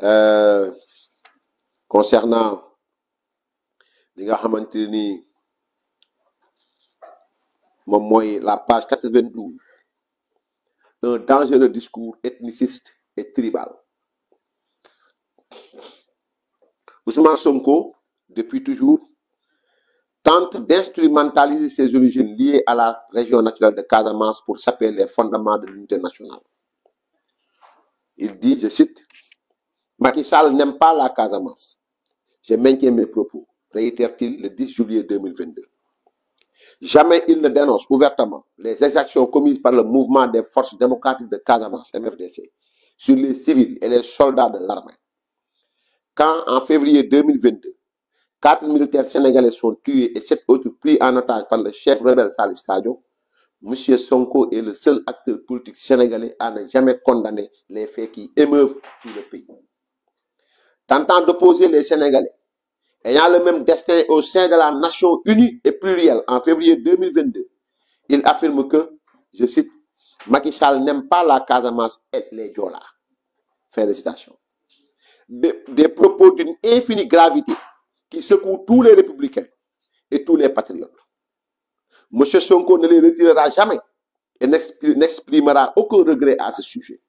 Euh, concernant les nga qui la page 92 un dangereux discours ethniciste et tribal Ousmane Sonko depuis toujours tente d'instrumentaliser ses origines liées à la région naturelle de Casamance pour saper les fondements de l'unité nationale il dit je cite Macky Sall n'aime pas la Casamance. Je maintiens mes propos, réitère-t-il le 10 juillet 2022. Jamais il ne dénonce ouvertement les exactions commises par le mouvement des forces démocratiques de Casamance, MFDC, sur les civils et les soldats de l'armée. Quand, en février 2022, quatre militaires sénégalais sont tués et sept autres pris en otage par le chef rebelle Salif Sadio, M. Sonko est le seul acteur politique sénégalais à ne jamais condamner les faits qui émeuvent tout le pays tentant d'opposer les Sénégalais, ayant le même destin au sein de la nation unie et plurielle en février 2022, il affirme que, je cite, Macky Sall n'aime pas la Casamance et les Diola. Félicitations des propos d'une infinie gravité qui secouent tous les républicains et tous les patriotes. M. Sonko ne les retirera jamais et n'exprimera aucun regret à ce sujet.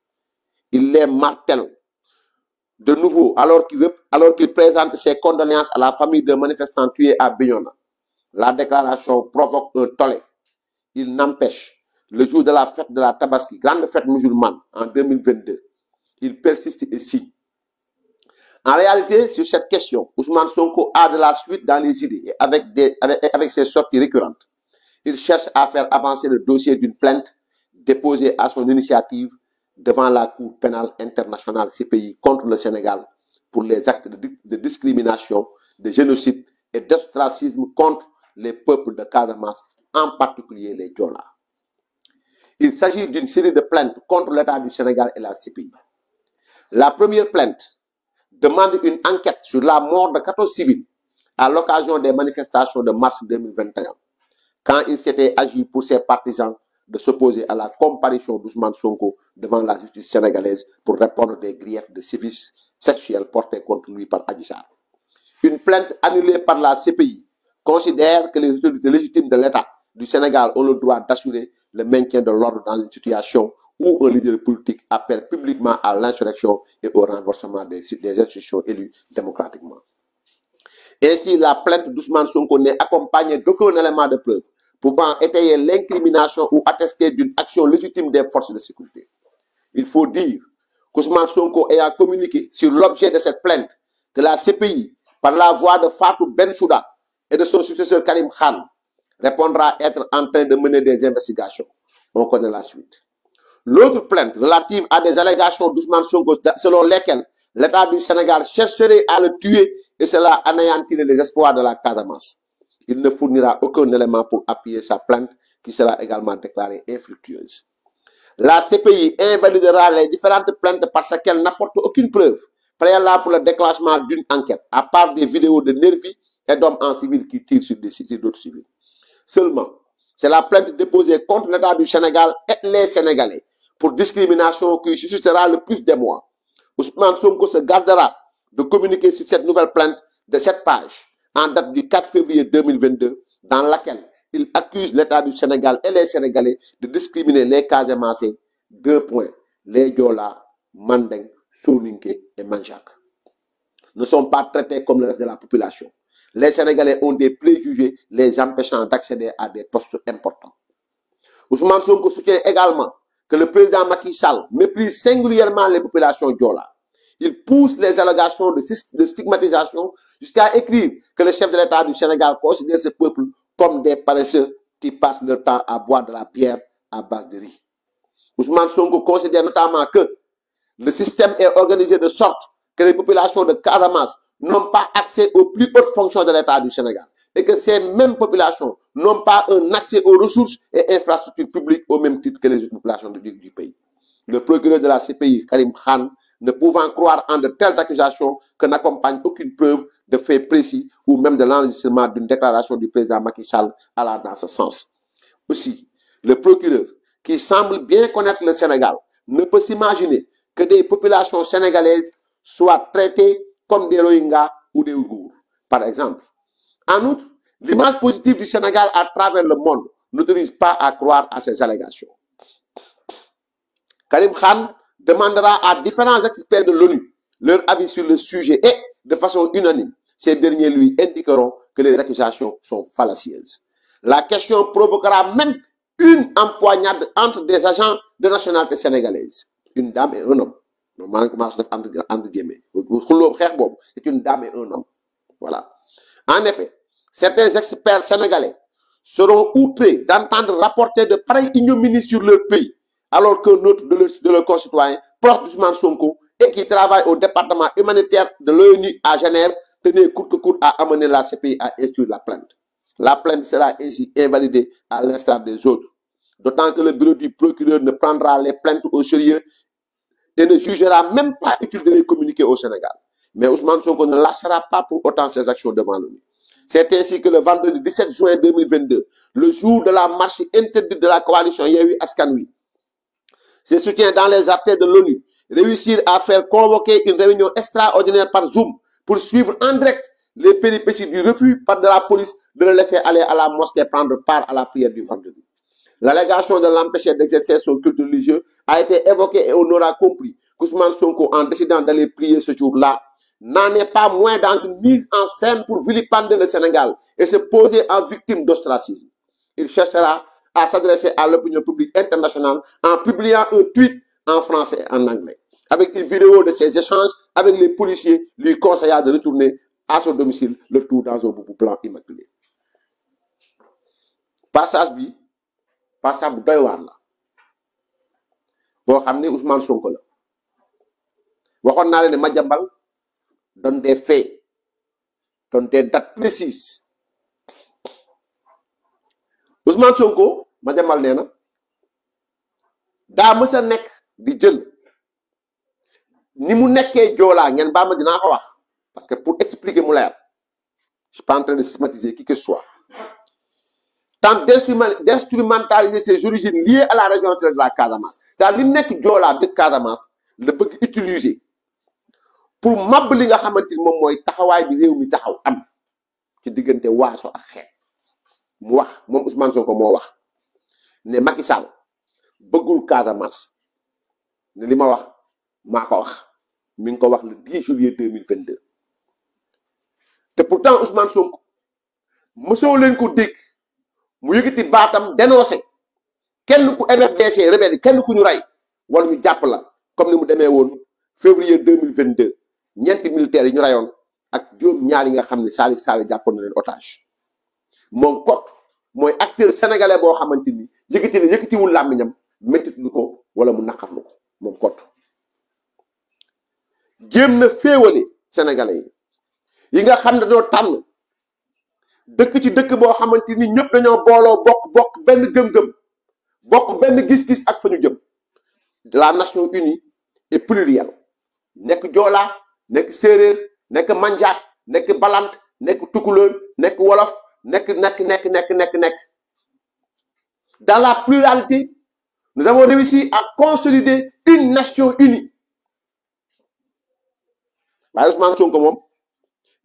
Il les martèle de nouveau alors qu'il alors qu'il présente ses condoléances à la famille de manifestants tués à Bayona, La déclaration provoque un tollé. Il n'empêche, le jour de la fête de la Tabaski, grande fête musulmane en 2022, il persiste ici. En réalité, sur cette question, Ousmane Sonko a de la suite dans les idées et avec, des, avec, avec ses sorties récurrentes. Il cherche à faire avancer le dossier d'une plainte déposée à son initiative devant la Cour pénale internationale CPI contre le Sénégal pour les actes de, discrimination, de génocide et d'ostracisme contre les peuples de Casamance, en particulier les Djola. Il s'agit d'une série de plaintes contre l'État du Sénégal et la CPI. La première plainte demande une enquête sur la mort de 14 civils à l'occasion des manifestations de mars 2021, quand il s'était agi pour ses partisans de s'opposer à la comparution d'Ousmane Sonko devant la justice sénégalaise pour répondre des griefs de sévices sexuels portés contre lui par Adissar. Une plainte annulée par la CPI considère que les autorités légitimes de l'État du Sénégal ont le droit d'assurer le maintien de l'ordre dans une situation où un leader politique appelle publiquement à l'insurrection et au renforcement des, des, institutions élues démocratiquement. Ainsi, la plainte d'Ousmane Sonko n'est accompagnée d'aucun élément de preuve pouvant étayer l'incrimination ou attester d'une action légitime des forces de sécurité. Il faut dire qu'Ousmane Sonko ayant communiqué sur l'objet de cette plainte que la CPI, par la voix de Fatou Souda et de son successeur Karim Khan, répondra être en train de mener des investigations. On connaît la suite. L'autre plainte relative à des allégations d'Ousmane Sonko selon lesquelles l'État du Sénégal chercherait à le tuer et cela anéantirait les espoirs de la Casamance il ne fournira aucun élément pour appuyer sa plainte qui sera également déclarée infructueuse. La CPI invalidera les différentes plaintes parce qu'elles n'apportent aucune preuve préalable pour le déclenchement d'une enquête, à part des vidéos de nervis et d'hommes en civil qui tirent sur des sites d'autres civils. Seulement, c'est la plainte déposée contre l'État du Sénégal et les Sénégalais pour discrimination qui suscitera le plus mois. Ousmane Sonko se gardera de communiquer sur cette nouvelle plainte de cette page en date du 4 février 2022, dans laquelle il accuse l'État du Sénégal et les Sénégalais de discriminer les Casemassés, deux points, les Diola, Mandeng, Souninke et Manjak. Ne sont pas traités comme le reste de la population. Les Sénégalais ont des préjugés les empêchant d'accéder à des postes importants. Ousmane Sonko soutient également que le président Macky Sall méprise singulièrement les populations Diola. Il pousse les allégations de, de stigmatisation jusqu'à écrire que le chef de l'État du Sénégal considère ce peuple comme des paresseux qui passent leur temps à boire de la pierre à base de riz. Ousmane Sonko considère notamment que le système est organisé de sorte que les populations de Karamas n'ont pas accès aux plus hautes fonctions de l'État du Sénégal et que ces mêmes populations n'ont pas un accès aux ressources et infrastructures publiques au même titre que les autres populations du pays. Le procureur de la CPI, Karim Khan, ne pouvant croire en de telles accusations que n'accompagne aucune preuve de fait précis ou même de l'enregistrement d'une déclaration du président Macky Sall allant dans ce sens. Aussi, le procureur, qui semble bien connaître le Sénégal, ne peut s'imaginer que des populations sénégalaises soient traitées comme des Rohingyas ou des Ouïghours, par exemple. En outre, l'image positive du Sénégal à travers le monde n'autorise pas à croire à ces allégations. Karim Khan demandera à différents experts de l'ONU leur avis sur le sujet et, de façon unanime, ces derniers lui indiqueront que les accusations sont fallacieuses. La question provoquera même une empoignade entre des agents de nationalité sénégalaise. Une dame et un homme. C'est une dame et un homme. Voilà. En effet, certains experts sénégalais seront outrés d'entendre rapporter de pareilles ignominies sur leur pays alors que notre de, le, concitoyen leurs concitoyens Ousmane Sonko et qui travaille au département humanitaire de l'ONU à Genève tenait court que court à amener la CPI à instruire la plainte. La plainte sera ainsi invalidée à l'instar des autres. D'autant que le bureau du procureur ne prendra les plaintes au sérieux et ne jugera même pas utile de les communiquer au Sénégal. Mais Ousmane Sonko ne lâchera pas pour autant ses actions devant l'ONU. C'est ainsi que le vendredi 17 juin 2022, le jour de la marche interdite de la coalition eu askanoui ses soutiens dans les artères de l'ONU, réussir à faire convoquer une réunion extraordinaire par Zoom pour suivre en direct les péripéties du refus par de la police de le laisser aller à la mosquée prendre part à la prière du vendredi. L'allégation de l'empêcher d'exercer son culte religieux a été évoquée et on aura compris qu'Ousmane Sonko, en décidant d'aller prier ce jour-là, n'en est pas moins dans une mise en scène pour vilipender le Sénégal et se poser en victime d'ostracisme. Il cherchera à s'adresser à l'opinion publique internationale en publiant un tweet en français et en anglais, avec une vidéo de ses échanges avec les policiers lui conseillant de retourner à son domicile, le tout dans un plan blanc immaculé. Passage B, passage doy pour la Ousmane Sonko la Vous naa les donne des faits donne des dates précises Ousmane Sonko ma demal nee na daa mës di jël ni mu nekkee joolaa ngeen baal ma dinaa ko wax parce que pour expliquer mu leer je suis pas en train de systématiser qui que ce soit tant d'instrumentaliser ses origines liées à la région de la Casamance c'est-à-dire li nekk djola de Casamance le bëgg utiliser pour mab li nga xamante mom moy taxaway bi réew mi taxaw am ci digënté waaso ak xeet mu wax moom Ousmane Sonko moo wax ne Macky Sall bëggul Casamance ne li ma wax maa ko wax mi ngi ko wax le 10 juillet 2022 te pourtant Ousmane Sonko mësoo leen ko dégg mu yëkkati baatam dénoncé kenn ku MFDC rebelle kenn ku ñu rey wala ñu jàpp la comme ni mu demee woon février 2022 ñeenti militaire yi ñu reyoon ak juróom ñaar yi nga xam ne Salif Sadio jàppoon na leen otage moom kot mooy acteur sénégalais boo xamante ni yëkkati na yëkkatiwul làmmiñam méttit ko wala mu naqarlu ko moom kot jéem na féewale sénégalais yi yi nga xam ne dañoo tànn dëkk ci dëkk boo xamante ni ñëpp dañoo booloo bokk bokk benn gëm-gëm bokk benn gis-gis ak fa ñu jëm de la nation unie et plurielle nekk joola nekk séeréer nekk manjaak nekk balant nekk tukulóor nekk wolof nek nek nek nek nek nekk dans la pluralité nous avons réussi à consolider une nation unie waaye Ousmane Sonko moom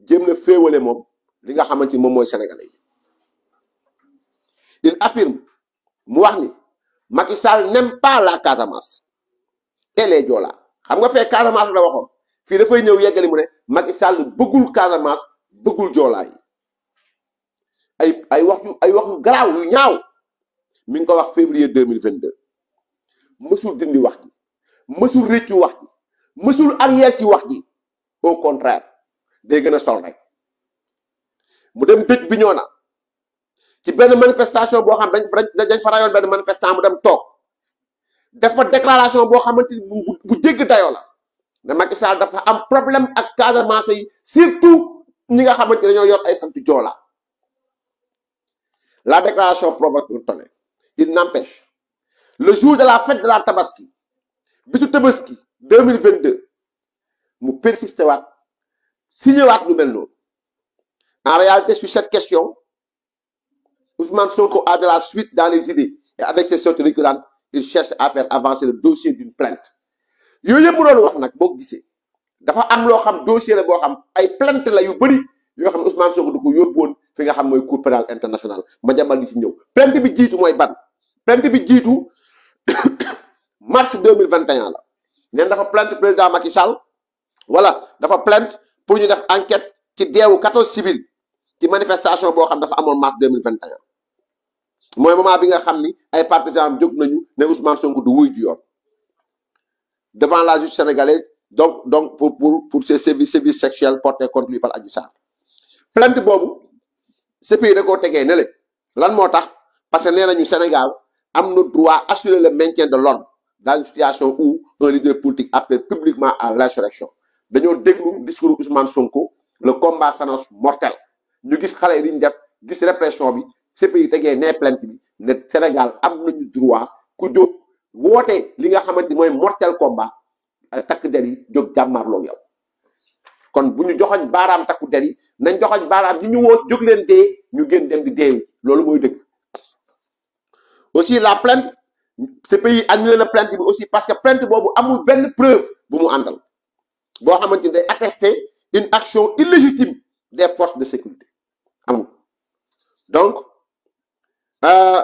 jéem na féewale moom li nga xamante mom moy sénégalais il affirme mu wax ni Macky Sall n'aime pas la Casamance et les Joola xam nga fé Casamance la fi da fay ñëw yeggali mu né Macky Sall bëggul Casamance bëggul Joola yi ay ay wax yu ay wax yu graw yu ñaaw mi ngi ko wax février 2022 mesul dindi wax ji mesul reccu wax ji mesul arrière ci wax ji au contraire day gëna sol rek mu dem tej bi ñona ci ben manifestation bo xam dañ dañ fa rayon ben manifestant mu dem tok def fa déclaration bo xamante ni bu jégg dayoo la ne Macky Sall dafa am problème ak cadre yi surtout ñi nga xamanteni dañoo yor ay sant joolaa La déclaration provoque une tonnerre. Il n'empêche, le jour de la fête de la Tabaski, 2022, nous persistons, signons signé même en réalité sur cette question Ousmane Sonko a de la suite dans les idées et avec ses sortes récurrentes il cherche à faire avancer le dossier d'une plainte yo xam Ousmane Sonko du ko yóbbuwoon fi nga xam moy cour pénal international ma jàmbal li ci ñew plainte bi jitu moy ban plainte bi jitu mars 2021 la neen dafa plainte président Macky Sall voilà dafa plainte pour ñu def enquête ci déwu 14 civil ci manifestation bo xam dafa amon mars 2021 moy moment bi nga xam ni ay partisans jóg nañu ne Ousmane Sonko du wuy ju yoon devant la justice sénégalaise donc donc pour pour pour ses services sévices sexuels portés contre lui par Adji Sarr plainte boobu CPI da ko tegee ne lan moo tax parce que nee nañu Sénégal am na droit assurer la maintien de l'ordre daa une situation où un leader politique appelle publiquement à l'insurrection dañoo déglu discours Ousmane Sonko le combat s'annonce mortel ñu gis xale liñ ñu def gis répression bi CPI tegee ne plainte bi ne Sénégal am nañu droit ku jóg woote li nga xamante ni mooy mortel combat takk der yi jóg jàmmarloo yow kon buñu ñu joxoñ baaraam takku der nañ joxoñ baram ñu ñu woo jóg ñu gën dem di deewi loolu moy dëkk aussi la plainte ce pays annulé la plainte bi aussi parce que plainte bobu amul benn preuve bu mu andal bo xamanteni ni day attester une action illégitime des forces de sécurité amul donc euh,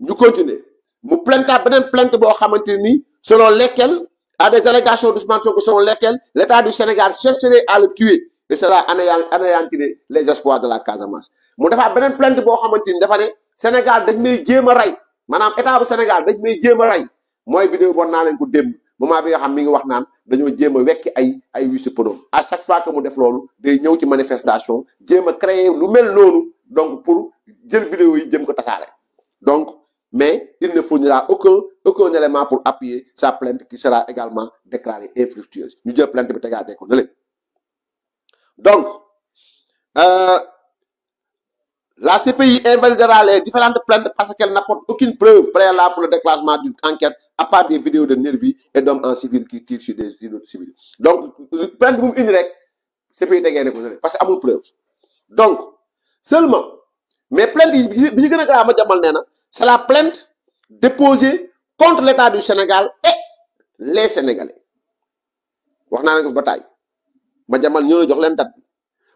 ñu continuer mu plainte beneen plainte bo xamanteni ni selon lesquelles à des allégations d'Ousmane Sonko selon lesquelles l'État du Sénégal chercherait à le tuer et cela anéantirait les espoirs de la Casamance mu defaat beneen plainte boo xamante ni dafa ne Sénégal dañ may jéem a rey état du Sénégal dañ may jéem a rey vidéo bon n'a leen ko démb moment bi nga xam mi ngi wax naan dañoo jéem a wekki ay ay huissier podoom à chaque fois que mu def loolu day ñëw ci manifestation jéem créer lu mel noonu donc pour jël vidéo yi jëm ko tasaare donc mais il ne fournira aucun, aucun élément pour appuyer sa plainte qui sera également déclarée infructueuse. Nous disons plainte de Donc, euh, la CPI invalidera les différentes plaintes parce qu'elle n'apporte aucune preuve préalable pour le déclassement d'une enquête à part des vidéos de nervis et d'hommes en civil qui tirent sur des civils. Donc, plainte une La CPI déconnée parce qu'il pas de preuve. Donc, seulement, mais plainte, je ne sais pas c'est la plainte déposée contre l'État du Sénégal et les Sénégalais wax naa ne ko ba taay ma jamal ñoo la jox leen date bi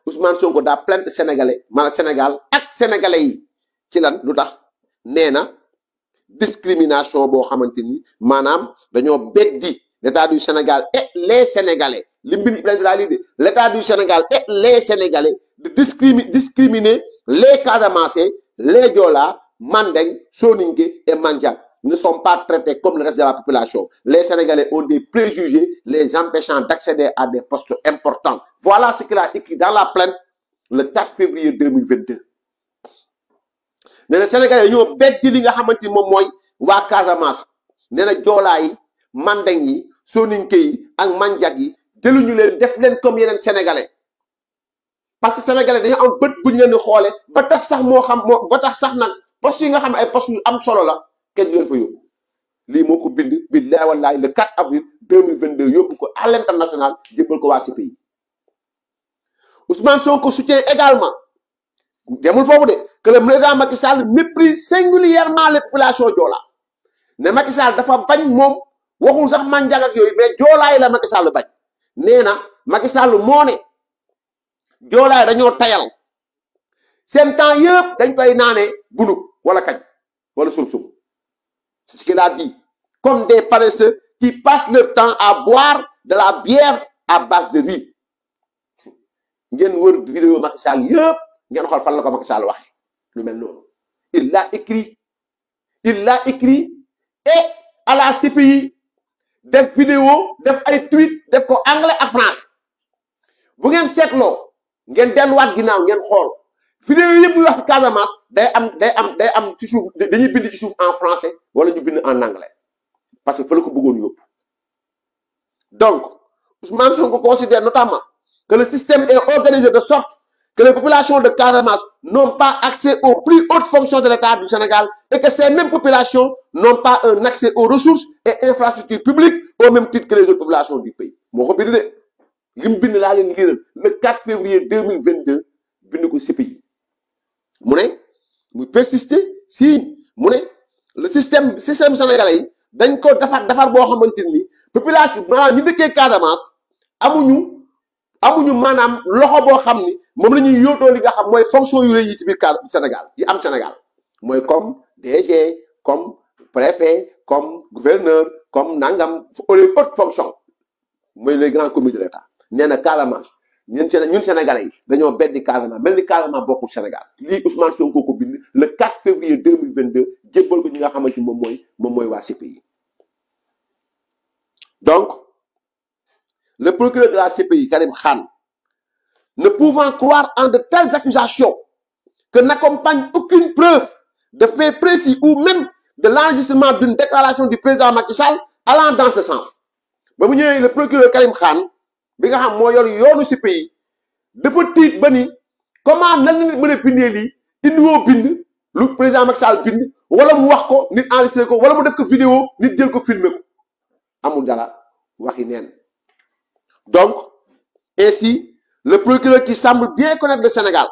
Ousmane Sonko daa plainte sénégalais maanaam Sénégal ak sénégalais yi ci lan lu tax nee na discrimination boo xamante ni maanaam dañoo beddi l'État du Sénégal et les Sénégalais li mbir plainte bi daa lii de l'État du Sénégal et les Sénégalais de discriminer les Casamançais les Joola Mandeng, Soninke et Mandjag ne sont pas traités comme le reste de la population. Les Sénégalais ont des préjugés les empêchant d'accéder à des postes importants. Voilà ce qu'il a écrit dans la plainte le 4 février 2022. Les Sénégalais ont beddi li nga xamante Casamance nee na mandeng yi soninke yi ak manjag yi jëluñu leen def leen comme yeneen sénégalais parce que sénégalais ont am bët bu ñu leen di xoole ba tax sax moo xam ba tax sax nag poste yi nga xam ne ay poste yu am solo la kenn du leen fa yóbbu lii moo ko bind billahi wallahi le 4 avril 2022 yóbbu ko à l'international jébbal ko waa CPI Ousmane Sonko soutient également demul foofu de que le président Macky Sall méprise singulièrement les populations Joola ne Macky Sall dafa bañ moom waxul sax man jag ak yooyu mais joolaay la Macky Sall bañ nee na Macky Sall moo joolaay dañoo tayal seen temps yëpp dañ koy naanee bunub wala kañ wala sum-sum c'est ce qu'il a dit comme des paresseux qui passent leur temps à boire de la bière à base de riz ngeen wër vidéo Macky vidéo yëpp ngeen xool fan la ko Macky Sall lu mel il l'a écrit il l'a écrit et à la CPI def vidéo def ay tweet def ko anglais et français bu ngeen un ngeen delluwaat ginnaaw ngeen xool Fini réew yëpp wax Casamance day am day am day am ci bind ci en français wala ñu bind en anglais parce que fa la ko bëggoon yóbbu donc Ousmane Sonko considère notamment que le système est organisé de sorte que les populations de Casamance n'ont pas accès aux plus hautes fonctions de l'État du Sénégal et que ces mêmes populations n'ont pas un accès aux ressources et infrastructures publiques au même titre que les autres populations du pays moo ko le 4 février 2022 bind ko CPI mu ne mu persister si mu le système système sénégalais dañ ko defar defar boo xamante ni population maanaam ñu dëkkee Casamance amuñu amuñu maanaam loxo boo xam ni moom la ñuy yóotoo li nga xam mooy fonction yu rëy yi ci biir cadre Sénégal yi am Sénégal mooy comme DG comme préfet comme gouverneur comme nangam les hautes fonctions mooy les grands commis de l'État nee na Casamance ñun ñun sénégalais yi dañoo beddi Casamance mel ni Casamance bokkul Sénégal lii Ousmane Sonko ko bind le 4 février 2022 jébbal ko ñi nga xamante ni moom mooy moom mooy CPI. donc le procureur de la CPI Karim Khan ne pouvant croire en de telles accusations que n'accompagne aucune preuve de fait précis ou même de l'enregistrement d'une déclaration du président Macky Sall allant dans ce sens ba mu le procureur Karim Khan bi nga xam moo yor yoonu si pays dafa tiit ba ni comment nan la mën a bindee lii indiwoo bind lu président Macky Sall bind wala mu wax ko nit enregistré ko wala mu def ko vidéo nit jël ko filmer ko amul dara waxi neen donc ainsi le procureur qui semble bien connaître le Sénégal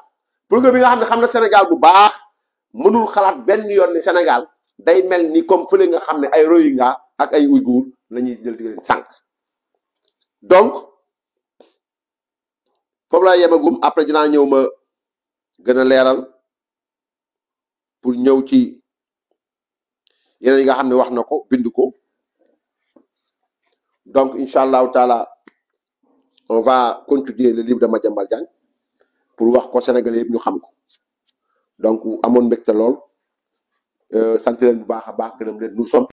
procureur bi nga xam ne xam na Sénégal bu baax mënul xalaat benn yoon ni Sénégal day mel ni comme fële nga xam ne ay Rohingya ak ay Ouïghour la ñuy jël di sànq donc foofu laa yemagum après dinaa ñëw ma gën a leeral pour ñëw ci yeneen yi nga xam ne wax na ko bind ko donc incha allahu taala on continuer le livre de Madiambal Diagne pour wax ko Sénégalais yëpp ñu xam ko donc amoon mbégte lool euh, sant leen bu baax a baax gërëm leen nous sommes